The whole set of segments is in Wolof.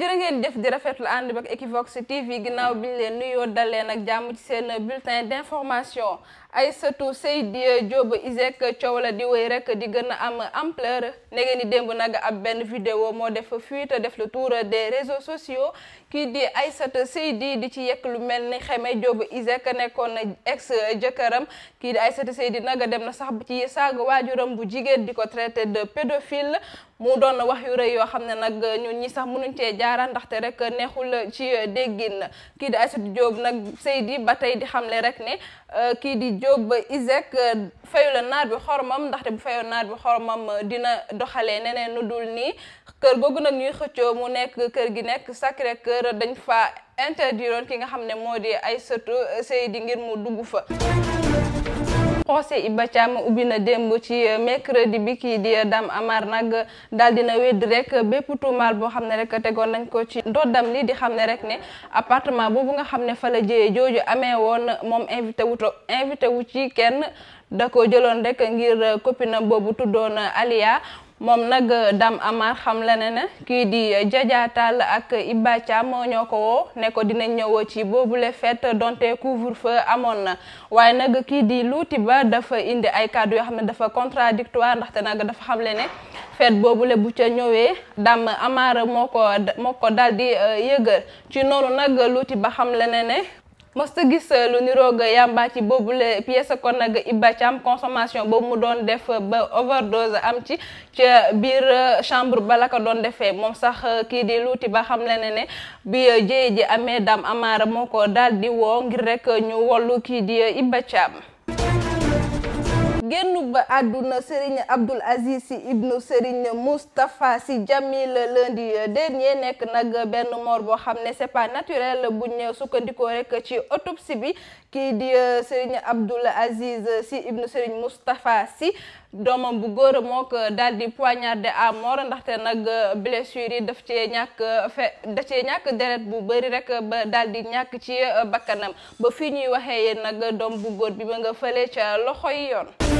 jërë ngeen jëf di rafetlu ànd ak Equivox TV ginnaaw bi ñu leen nuyoo dal leen ak jàmm ci seen bulletin d'information Aïssatou Seydi Diop Iseg coow la di wéy rek di gën a am ampleur nege ni démb nag ab benn vidéo moo def fuite def le tour des réseaux sociaux kii di Aïssatou Seydi di ci yekk lu mel ni Xeme Diop Iseg nekkoon ex jëkkëram kii di Aïssatou Seydi nag dem na sax bu ci saaga waajuram bu jigéen di ko traité de pédophile mu doon wax yu rëy yoo xam ne nag ñun ñi sax mënuñ cee jaara ndaxte rek neexul ci déggin kii di Aïssatou Diop nag Seydi ba tey di xamle rek ne Euh, kii di Diop Isaac euh, fayu la naar bi xormam ndaxte bu fayoon naar bi xoromam euh, dina doxalee neneen nu dul nii kër googu nag ñuy xëccoo mu nekk kër gi nekk Sacré Cœur dañ fa interdiroon ki nga xam ne moo di ay Aïssatou Seydi ngir mu dugg fa procès Iba Thiam ubbi na démb ci euh, mercredi bi kii di euh, dam Amar nag euh, daal dina wedd rek bépp tuumaal boo xam ne rek tegoon nañ ko ci ndoddam li di xam ne rek ne appartement boobu nga xam ne fa la jëyee jooju amee woon moom invité wu invité wu ci kenn da ko jëloon rek ngir na boobu tuddoon Aliya moom nag euh, dam Amar xam la ne ne kii di Djadia euh, ak Iba Thiam moo ñoo ko woo ne ko dinañ ñëw ci boobule fête donte couvre-feu amoon na waaye nag kii di luuti Ba dafa indi ay kàddu yoo xam ne dafa contradictoire ndaxte nag dafa xam le ne fête boobule bu ca ñëwee dam Amar moo ko moo ko daal euh, di ci noonu nag Louty Ba xam la ne mës ta gis euh, lu niroog yamba ci boobu boobule pièce kon nag Iba Thiam consommation boobu mu doon def ba overdose am ci ca biir euh, chambre bala ko doon defee moom sax euh, kii di luuti ba xam le ne ne bi jéye ji amee dam Amara moo ko daal di woo ngir rek ñu wollu kii di Iba Thiam génn ba àdduna Serigne Abdoul Aziz Sy ibnu Serigne Moustapha Sy Djamil lundi dernier nekk nag benn mort boo xam ne c'est pas naturel buñ sukkandikoo rek ci autopsie bi kii di euh, Serigne Abdoul Aziz Sy ibnu Serigne Moustapha Sy doomam bu góor moo ko daal di poignardé à mort ndaxte nag blessure yi daf cee ñàkk fe da cee ñàkk deret bu bëri rek ba daal di ñàkk ci bakkanam ba fii ñuy waxee yéen nag doom bu góor bi ba nga fële ca loxo yi yoon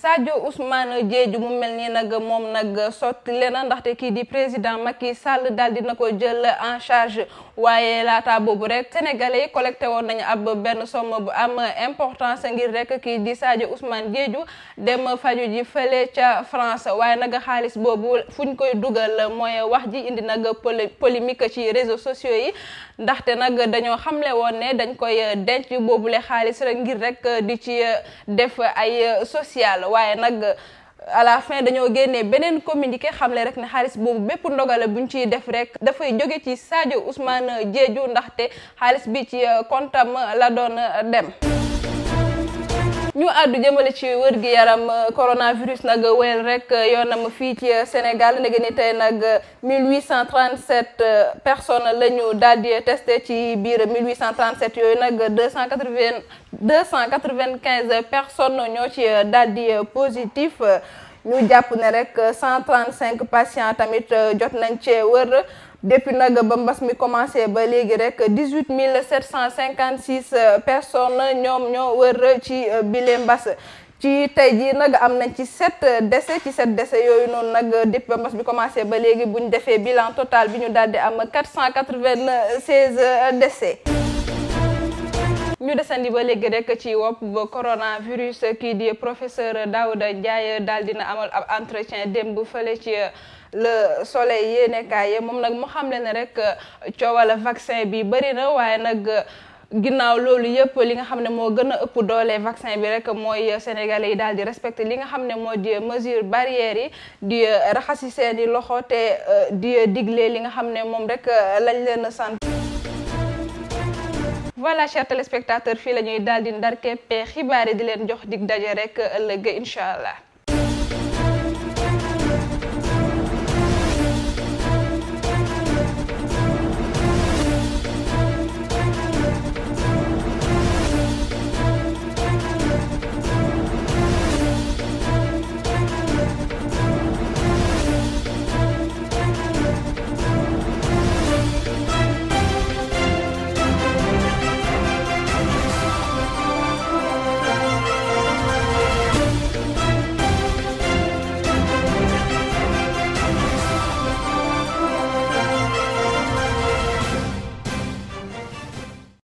Sadio Ousmane Diédhiou mu mel nii nag moom nag sotti na ndaxte kii di président Macky Sall daal dina ko jël en charge waaye laata boobu rek sénégalais yi collecté woon nañu ab benn somme bu am importance ngir rek kii di Sadio Ousmane Diédhiou dem faju ji fële ca France waaye nag xaalis boobu fu ñu koy dugal mooy wax ji indi nag polémique ci réseaux sociaux yi ndaxte nag dañoo xamle woon ne dañ koy denc boobu le xaalis rek ngir rek di ci def ay social. waaye nag à la fin dañoo génnee beneen communiqué xamle rek ne xaalis boobu bépp ndogale buñ ciy def rek dafay jóge ci Sadio Ousmane Diédhiou ndaxte xaalis bi ci euh, comptam la doon euh, dem ñu àddu jëmale ci wër gi yaram euh, coronavirus nag euh, wéyal rek euh, yoonam fii ci Sénégal ndege ni tey nag 1837 personnes la ñu daal di ci biir 1837 yooyu nag 280 295 personnes ñoo ci daal di positif ñu jàpp ne rek 135 patients tamit jot nañ cee wër. depuis nag ba mbas mi commencé ba léegi rek dix huit mille sept cent cinquante six euh, personnes ñoom ñoo wër ci euh, bile mbas. ci tey jii nag am na ci sept décès ci sept décès yooyu noonu nag depuis ba mbas bi commencé ba léegi bu ñu defee bilan totale bi ñu daal di am quatre cent quatre vingt seize euh, décès. ñu desandi ba léegi rek ci wopp ba coronavirus kii di professeur Daouda Ndiaye daal dina amal ab entretien démb fële ci euh, le soleil yéenekaay moom nag mu xam ne rek euh, coowal vaccin bi bëri na waaye nag euh, ginnaaw loolu yëpp li nga xam ne moo gën a ëpp doole vaccin bi rek mooy sénégalais yi daal di respecté li nga xam ne moo di mesure barrière yi di raxasi seeni loxo te di digle li nga xam ne moom rek lañ leen sant voilà chers téléspectateurs fii la ñuy daal di ndarkeppe xibaar yi di leen jox dig daje rek ëllëg incha allah.